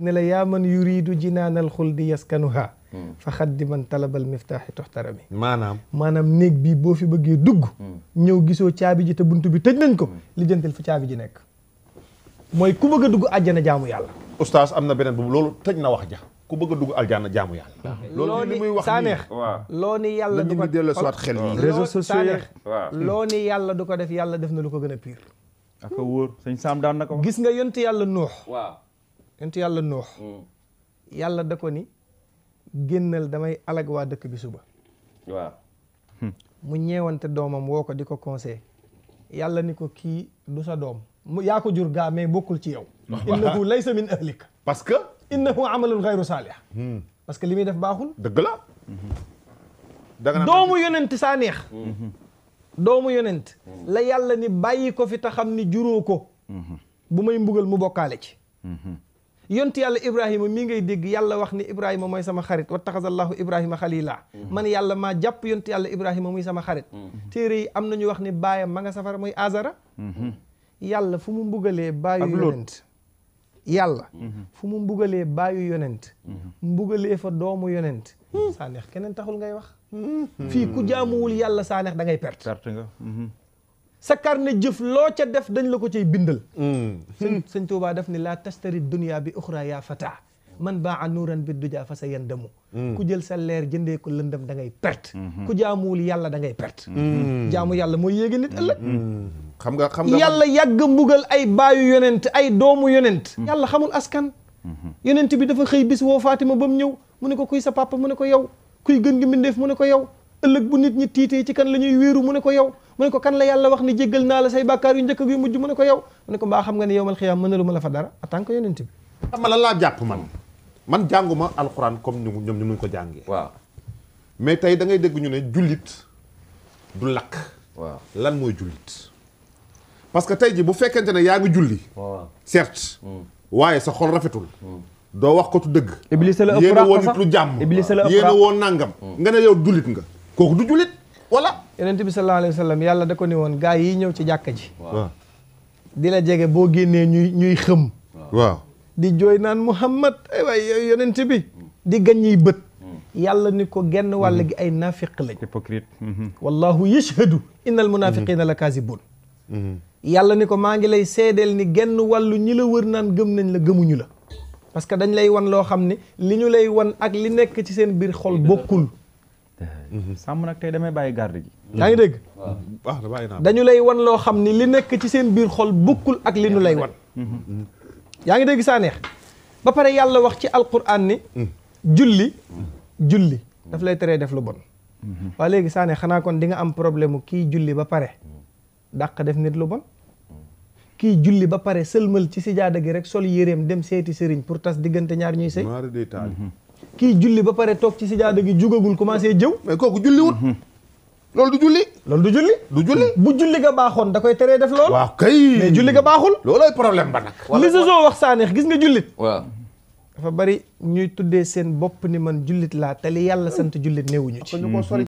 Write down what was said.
ne la yaa man yuridu jinaanal xuldi yaskanuha fa xaddi man talabal miftaaxi tuxtarami maanaam maanaam néeg bii boo fi bëggee dugg ñëw gisoo caabi ji te bunt bi tëj nañ ko lijjantil fu caabi ji nekk mooy ku bëgg a dugg àjjana jaamu yàlla oustaz am na beneen boobu loolu tëj na wax ja ku bëgg a dugg aljana jaamu yàlla loolu li muy wax saaneex loo ni yàlla du ko delloo soit xel yi réseaux sociaux yeex loo ni yàlla du ko def yàlla def na lu ko gën a pire ak a wóor sëñ Sam daan na ko gis nga yontu yàlla nuux waaw كنت يالا نوح يالا دكوني جنل دمي علاق وا دك بي سوبا وا مو نيوان تي دومام ووكو ديكو كونسي يالا نيكو كي دوسا دوم يا كو جور مي بوكول تي يو انه ليس من اهلك باسكو انه عمل غير صالح باسكو لي مي داف باخول دغلا دومو يوننتي سا نيه دومو يوننت لا يالا ني بايي كو في تخامني جوروكو بومي مبوغل مو بوكالي تي yont yàlla ibrahima mii ngay dégg yàlla wax ni ibrahima mooy sama xarit wattaxasallahu ibrahima xalila mm-hmm. man yàlla maa jàpp yont yàlla ibrahima muy sama xarit mm-hmm. téere yi am na nañu wax ni baayam ma nga safara mooy azara mm-hmm. yàlla fu mu mbugalee baayu yonent mu mbugalee baayu yonent mbugalee fa doomu yonent sa neex keneen taxul ngay wax fii ku jaamuwul yàlla saa neex da ngay perte nga sa na jëf loo ca def dañ la ko cay bindal hmm. sëñ sëñ Tuubaa def ni laa tastari dunya bi uxra yaa fata man baa anuuran bi dujaa fa sa yandamu hmm. ku jël sa leer jëndee ko lëndëm dangay pert perte hmm. ku jaamuwul yàlla da ngay perte jaamu yàlla mooy yéegi nit ëllëg xam nga xam yàlla yàgg mbugal ay baayu yonent ay doomu yonent yàlla xamul askan yonent bi dafa xëy bis woo Fatima ba mu ñëw mu ne ko kuy sa papa mu ne ko yow kuy gën gi mbindeef mu ne ko yow ëlëk bu nit ñi tité ci kan lañuy wëru mu ne ko yow mu ne ko kan la yalla wax ni jéggal na la say bakkar yu njëkk ak mujj mu ne ko yow mu ne ko ba xam nga ni yowmal xiyaam mënaluma la fa dara atank yonent bi xam la la japp man man janguma alquran comme ñom ñu mun ko jangé waaw mais tay da ngay dégg ñu né julit du lak waaw lan moy julit parce que tay ji bu fekkante ne ya nga julli certes hmm. waye sa xol rafetul hmm. do wax ko tu deug iblis la ëpp yéena iblis la ëpp yéena won nangam hmm. nga yow jullit nga koku du julit wala yonent bi sallallahu alaihi wasallam yalla da ko ni won gaay yi ñew ci jakka ji di la jégué bo génné ñuy ñuy xëm waaw di joy nan muhammad ay way yonent bi di gaññiy beut hmm. yalla ni ko genn wàll hmm. gi ay nafiq lañ hypocrite hmm. wallahu yashhadu innal munafiqina lakazibun yalla ni ko maa ngi lay sédel ni genn walu ñi la wër nan gëm nañ la gëmuñu la parce que dañ lay wan lo xamni lay wan ak li nekk ci seen bir xol bokul Mhm. sàmm nag tey damay bàyyi garde gi yaa ngi dégg dañu lay wan loo xam ni li nekk ci seen biir xol bukkul ak li nu lay wan mhm. yaa ngi dégg saa neex ba pare yàlla wax ci alquran ni mhm. julli julli daf lay teree def lu bon waa léegi saa neex xanaa kon di nga am problème mu kii julli ba pare dàq def nit lu bon kii julli ba pare sëlmal ci sijaada gi rek sol yéreem dem seeti sëriñ pour tas diggante ñaar ñuy sëy kii julli ba pare toog ci si sijaada gi jugagul commencé jëw mais kooku julliwut mhm. loolu du julli loolu du julli du julli bu julli ga baaxoon da koy teree def loolu waaw kay mais julli ga baaxul loolooy problème ba nag li Zozo wax saaneex gis nga jullit waaw dafa bari ñuy tuddee seen bopp ni man jullit laa te li yàlla sant jullit néewuñu ci